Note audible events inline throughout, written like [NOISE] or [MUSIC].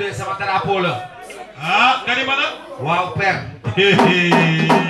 tuddee sama drapeau la. ah nga ni ma nag. waaw père. [LAUGHS]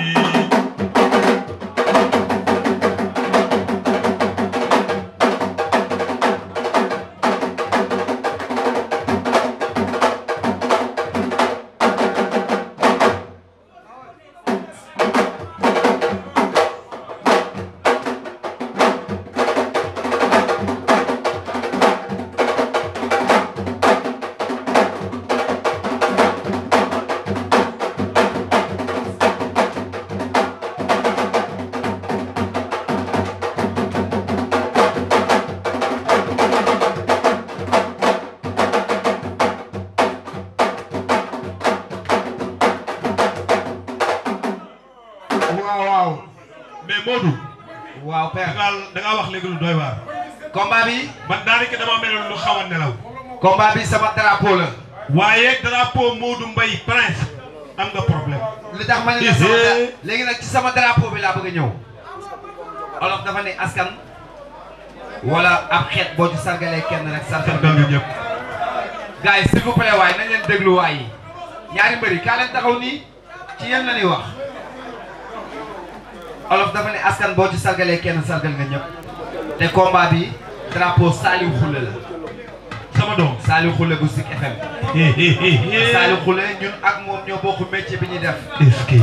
Modou. waaw père da wax léegi lu doy waar. combat bi. man daanaka dama mel lu xaw a nelaw. combat bi sama drapeau la. waaye drapeau Modou Mbaye prince am nga problème. li tax ma ne la léegi nag ci sama drapeau bi laa bëgg ñëw. olof dafa ne askan. wala ab xeet boo ci sargalee kenn rek sargal bi ñëpp. gars yi s'il vous plaît waaye nañ leen déglu waay yi ñaari mbëri kaa leen taxaw nii ci yéen la ñuy wax. olof dafa ne askan boo ci sargalee kenn sargal nga ñëpp te combat bi drapeau Saliou Khoule la sama doom Saliou Khoule bu Zik FM [LAUGHS] Saliou Khoule ñun ak moom ñoo bokk métier bi ñuy def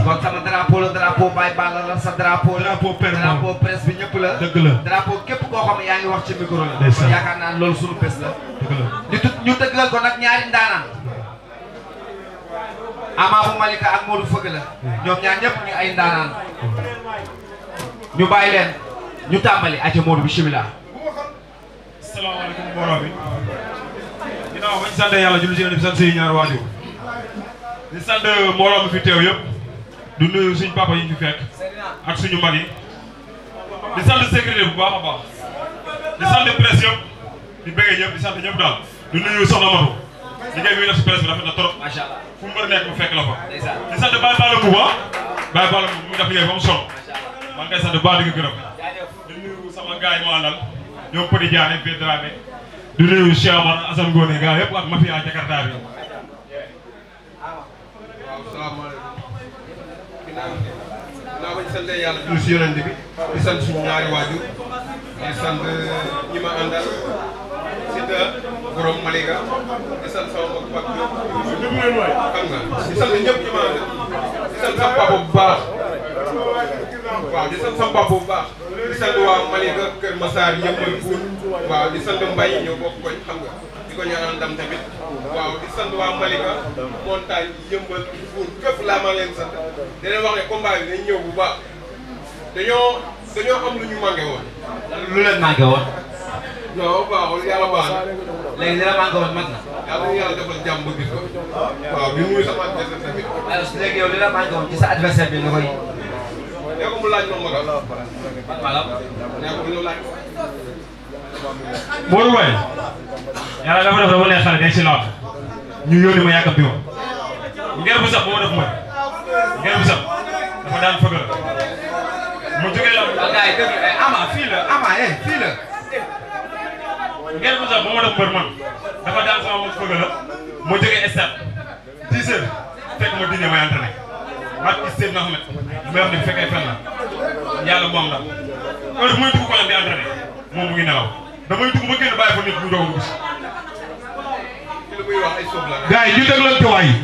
kon sama drapeau la drapeau Baye Balla la sa drapeau drapeau presse bi ñëpp la dëgg la drapeau képp koo xam yaa ngi wax ci micro la kon yaakaar naa loolu suñu bés la ñu tut ñu ko nag ñaari ndaanaan Ama bu Malika ak Fëgg la mm. ñoom ñaar ñëpp ñu ay ndaanaan mm. ñu bàyyi leen ñu tàmbali aca Modou bismillah ci yéen di sant suñu ñaar waajur di sant mbooloo bi fi teew yëpp ñu fi fekk ak suñu mag yi di sant sécurité bu baax a baax di sant presse yëpp di bëggee daal du nuyu soxna Matou liggéey bi ñu def si presse bi rafet trop fu mu mën mu fekk la fa di sant Baye Balla Mbuba Baye Balla Mbuba mu def liggéey ba mu solo man ngi koy sant bu baax di nga gërëm di nuyu sama gars yi ma àndal ñoom Petit Diané Pierre Dramé di nuyu Cheikh Amar mafia Jakarta bi. waaw salaamaaleykum. ginnaaw bañ sant yàlla julli si yonent bi di sant suñu ñaari waajur di sant ñi ma àndal si te borom Malika di sant sama mbokk mbokk yëpp. xam nga di sant ñëpp ñi ma àndal di sant sama papa waaw di sant sama bopp bu baax di sant waa Malika Kër Massar yëppal Poul waaw di sant Mbaye ñoo bokk koñ xam nga di ko ñaanal ndam tamit waaw di sant waa Malika montagne yëmbal Poul képp laa ma leen sant dinañ wax ne combat bi dañ ñëw bu baax dañoo dañoo am lu ñu manqué woon. lu leen manqué woon. non baaxul yàlla baax na. léegi dina manqué woon mat na. yàlla na yàlla defal jàmm ba gis ko. waaw bi muy sama adversaire tamit. alors léegi yow li la manqué woon ci sa adversaire bi nga koy. ne ko mu laaj moom ma ko. voilà ne ko mu ñëw laaj ko. Modou Mbaye. yàlla dafa def dama neex xale day si noor. ñu yónni ma yàkkam bi ma. ngeen bu sax ba ma def mooy. ngeen bu sax dafa daan fëgg la. mu jógee la. waaw gars yi dégg nga eh, ama fii la ama eh fii la. ngeen bu sax ba ma def mbër man dafa daan sama fëgg la mu jógee stade 10 heures fekk ma dîner may entraîné. barke Seydina Ahmed may wax ne bu fekkee fen la yàlla moom la heure bu may dugg kolam di entraîné mu ngi nelaw damay dugg ba génn bàyyi fa nit mu doog a dugg si. gars yi ñu déglante waay yi.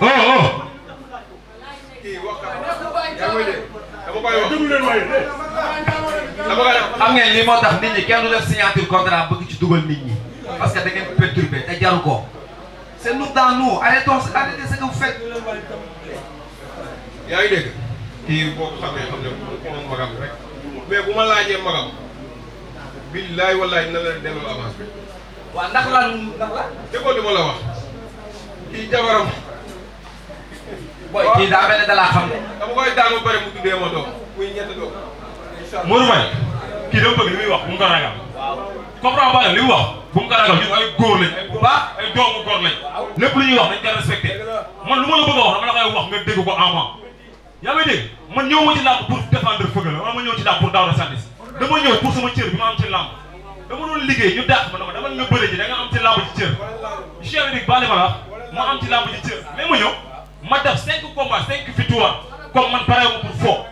oh oh. xam ngeen li moo tax nit ñi ci dugal nit ñi parce que da ngeen te jaru ko. C'est nous dans nous. Arrêtons, arrêtez ce que vous faites. yaa ngi dégg kii boo xamee xam ne moom magam rek mais bu ma laajee magam billaay wallaay na la delloo avance bi. waaw ndax la ndax la. déggoo li ma la wax kii jabaram. booy kii daa mel ne da laa xam ne. dama koy daan ba pare mu tuddee ma doom muy ñetti doom. incha allah Mourou Mbaye kii dama bëgg li muy wax bu mu ko ragal. waaw comprendre nga li mu wax. bu mu ko ragal ñun ay góor lañ ay baax ay doomu góor lañ ñuy wax dañ koy respecté man lu ma la bëgg a wax dama la koy wax nga dégg ko avant yaa ngi dégg man ñëw ma ci làmb pour défendre Feugeula wala ma o ci làmb pour Daouda Sandwich dama ñëw pour sama cër bi ma am ci làmb dama doon liggéey ñu dàq ma ne ko dama nga bëri ji da nga am ci làmb ci cër cher ma la ma am ci làmb ci cër mais ma ñëw ma def cinq combats cinq victoires comme ma pour foo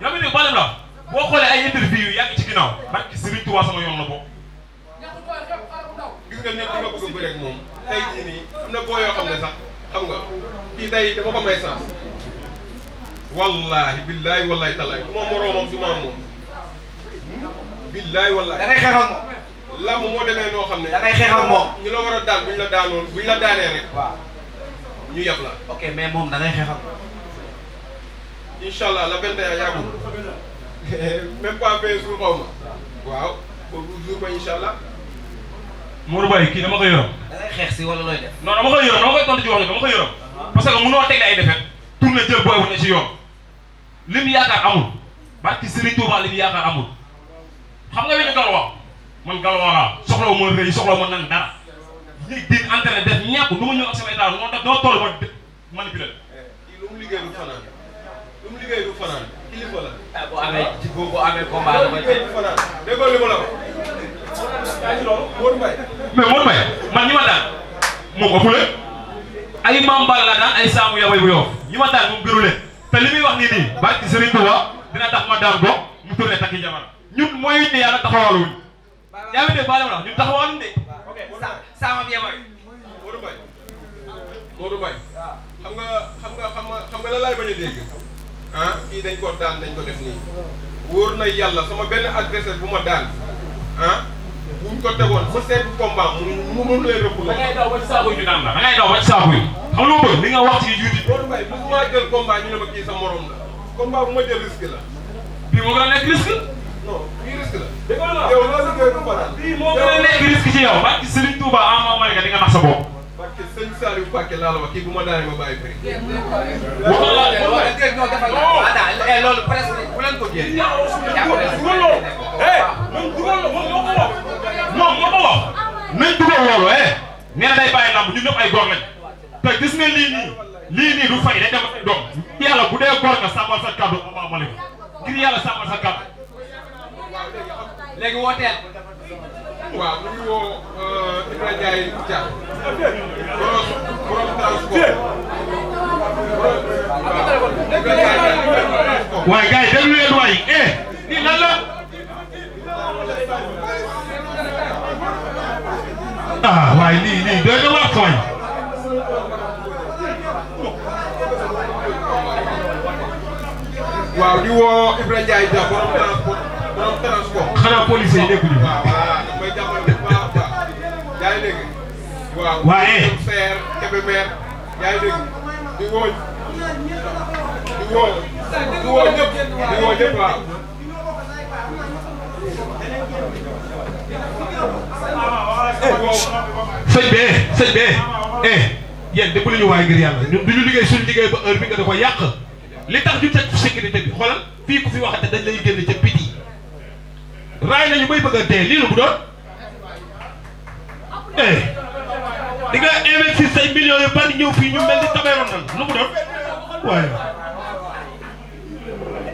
yaa ngi dégg baale ma la boo xoolee ay interview yu yàgg ci ginnaaw barki nga nit di nga bëgg a bëri ak moom tey jii nii am na boo yoo xam ne sax xam nga kii tey dama ko may sens. wallaahi billaahi wallaahi talaay moom moroomam du maam moom. billaahi wallaahi. da ngay xeexal moom. làmb moo demee noo xam ne. da ngay xeexal moom. ñu la war a daan buñ la daanoon buñ la daanee rek. waaw ñu yab la. ok mais moom da ngay xeexal. incha allah la benn yaa yàggul. [LAUGHS] même pas vingt jours xaw ma. waaw boobu jour ba incha allah. Mourou Baye kii dama koy yërëm. da ngay xeex si wala looy def. non dama koy yërëm dama koy tontu ci wax ji dama koy yërëm. Ah. parce que mënoo teg ay defet tourné jël booy bu ne ci yoon. li mu yaakaar amul. barki Serigne Touba li mu yaakaar amul. xam nga benn galwa man galwa laa soxlawu ma rëy soxlawu ma nan dara. nit di entraîné def ñàkk nu ma ñëw ak sama état noonu daf doo toll ma manipulé la. Eh, lu mu liggéey lu mu liggéey du fanaan kilifa la. Ah, boo amee ci boo amee combat la. mais Modou Mbaye man ñi ma daan moom ëpp leen ay mambaal la daan ay saamu yabay bu yoof ñi ma daan moom biru leen te li muy wax nii nii barki Serigne Touba dina tax ma daan ko mu tourné takki jamono ñun mooy ne yàlla taxawaluñ yaa ngi dégg baale ma la ñun taxawaluñ de. ok saama bi yabay Modou Mbaye Modou Mbaye xam nga xam nga xam nga xam nga la laay bañ a dégg ah kii dañ ko daan dañ ko def nii wóor na yàlla sama benn adversaire bu ma daan ah. buñ ko tegoon ba seetlu combat mu mu mun leen rëbb la. da ngay daw ba ci saako yi daan la da ngay daw ba ci saako yi. xam nga bëgg ma jël sa morom la. combat bu ma jël risque la. bii moo a nekk risque. non bii risque la. dëgg la yow loolu la koy combat. bii moo gën a nekk risque ci yow. barke Serigne Touba ah ma ne di nga nax sa bopp. barke Serigne Saliou Mbacké laa la wax kii bu ma daanee ma bàyyi bëri. loolu presque bu mu wax nañ dugal loolu eh nee na day bàyyi lamb ñun ñëpp ay góor lañ te gis nga lii nii lii nii du fay day dem ak doom yàlla dee góor nga sàmmal sa kàddu Ama Baldé ngir yàlla sàmmal sa kàddu. léegi wooteel. Euh, waaye gars yi déglu leen waay eh. nii lan la. waaye lii lii doy na waaw di woo Ibrahima Ndiaye Dia police yi nekkuñu. waaw voilà damay jàppale waaye. Eh. Seer Eh, sëñ bee sëñ bee eh yéen de bu ñu waaye ngir yàlla ñun du ñu liggéey suñu liggéey ba heure bi nga ko yàq li tax ñu teg sécurité bi xoolal fii ku fi waxate dañ lay génn ca biti raay nañu bay bëgg a dee lii la bu doon eh di nga investir say millions yu bari ñëw fii ñu mel ni tabeeroon nan lu mu doon waaye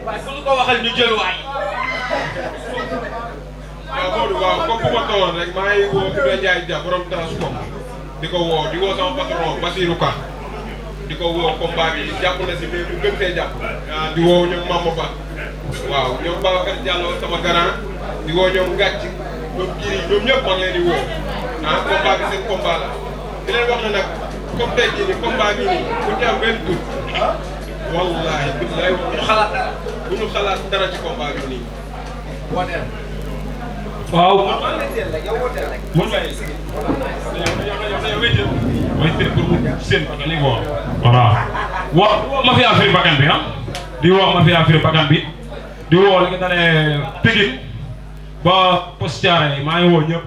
waaye ko waxal ñu jël waay xamoon rek maa ngi woo Ibrahima Ndiaye Dia borom transcom di ko woo di woo sama patron Basirou Ka di ko woo combat bi jàpp na si mais bu gën see jàpp. Ah, di woo ñoom Mama Ba waaw ñoom Babacar Diallo sama garant di woo ñoom Gàcc ñoom Giri ñoom ñëpp di woo ah combat bi seen combat di leen wax ne nag comme tey jii nii combat bi ci combat bi nii. waaw. mun nga ma fi affaire bakkan bi ah. di wax ma fi affaire bakkan bi. di woo li nga ba Poste Thiaroye maa ngi woo ñëpp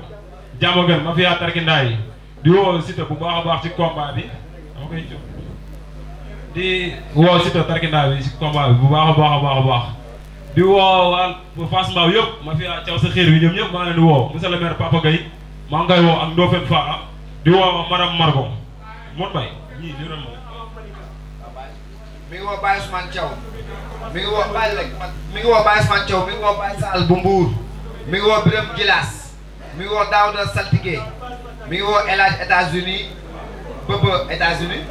jàmm gën ma fi yaa tarkindaa yi di woo Siteu bu baax a baax ci combat bi di woo Siteu tarkindaa bi ci bi bu baax a baax a baax a di woo waa Fass Mbaw yëpp ma fi caw sa xéer yi ñoom ñëpp maa leen di woo monsieur le maire Papa Gueye maa ngi koy woo ak Ndofène Faa di woo madame Margo Modou Mbaye ñii di ron mi ngi woo Baye Ousmane Thiaw mi ngi woo Baye Lek mi ngi woo Baye Ousmane Thiaw mi ngi woo Baye Sall bu Mbuur mi ngi woo Birame Gilas mi ngi woo Daouda Saltigué mi ngi woo El Hadj États-Unis Bëbë États-Unis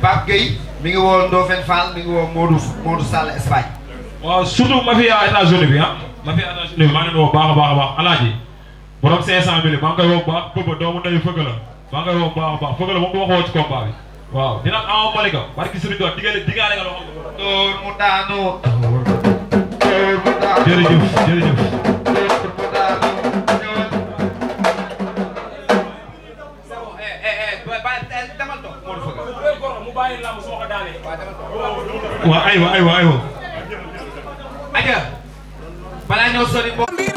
Pape Gueye mi ngi woo Ndofène Fall mi ngi woo Modou Modou Sall Espagne waaw surtout mafia états-unis bi ah mafia états-unis bi maa ngi leen woo baax a baax a baax alaaji borom 500 mille maa ngi koy woo bu baax bëba doomu ndeyu fëgg la maa ngi koy woo bu baax a baax fëgg la moom du waxoo ci combat bi waaw dina am Malika barki suñu doon diggale digaale nga loxo door mu daanu jërëjëf jërëjëf waaw aywa aywa aywa balaa ñoo sori